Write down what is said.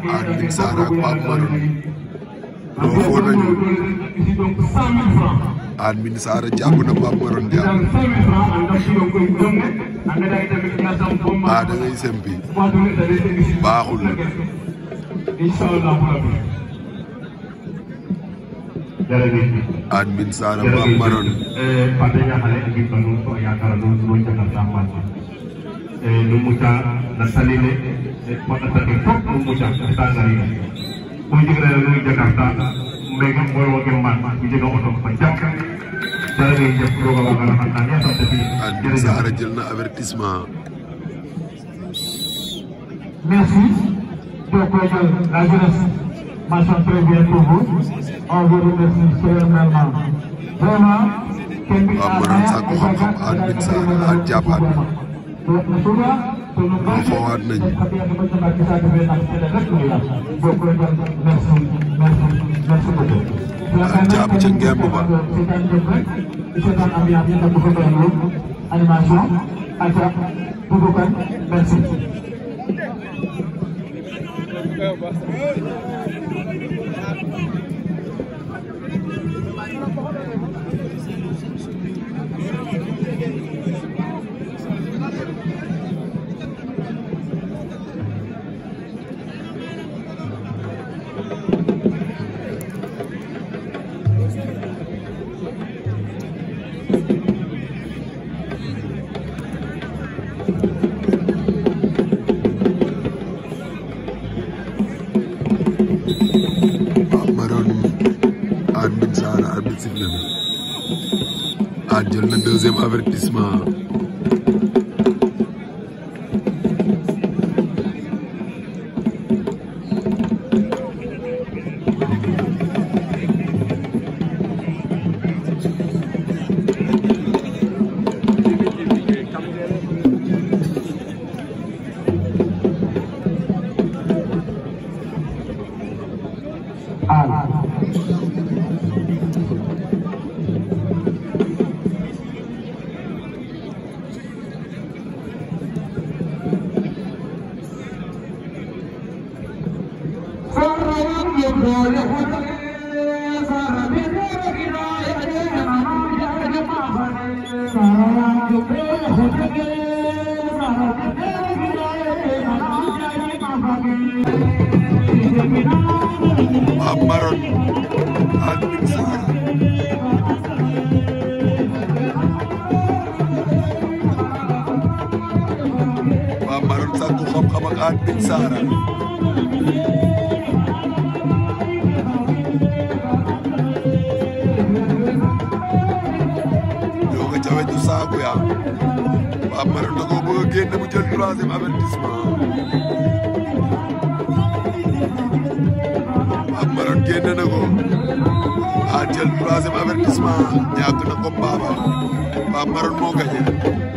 Arudin Sara ak Pape Maroon doofoo nañu Arudin na Pape Maroon jàpp ah da baaxul matasaare foofu mu mucc ak ci tàngaay yi. muy jege la muy Jakarta mbéy mi mooy wàllu mbaa mu jege oto fa jàkka jërëjëf Louga waa Ngalla xam naa ne sant bi. jërëjëf Saara jël na avertissement. merci. donc la jeunesse marchand très bien pour vous. on vous remercie solennellement. vraiment. kenn bi à la waaw maanaam saako xam-xam ànd ak sa ànd jàpp ànd. kon foowaat nañ ah jàpp ca ngemb ba. arbitre saana arbitre sifflé na aat ah, jël na deuxième avertissement I'm सां तूं सभु ख़बर आहे Pape Marin da koo bëgg a génne mu jël troisième avertissement Pape Marin génne na ko a jël troisième avertissement ñàkk na ko Pape Marin moo gagné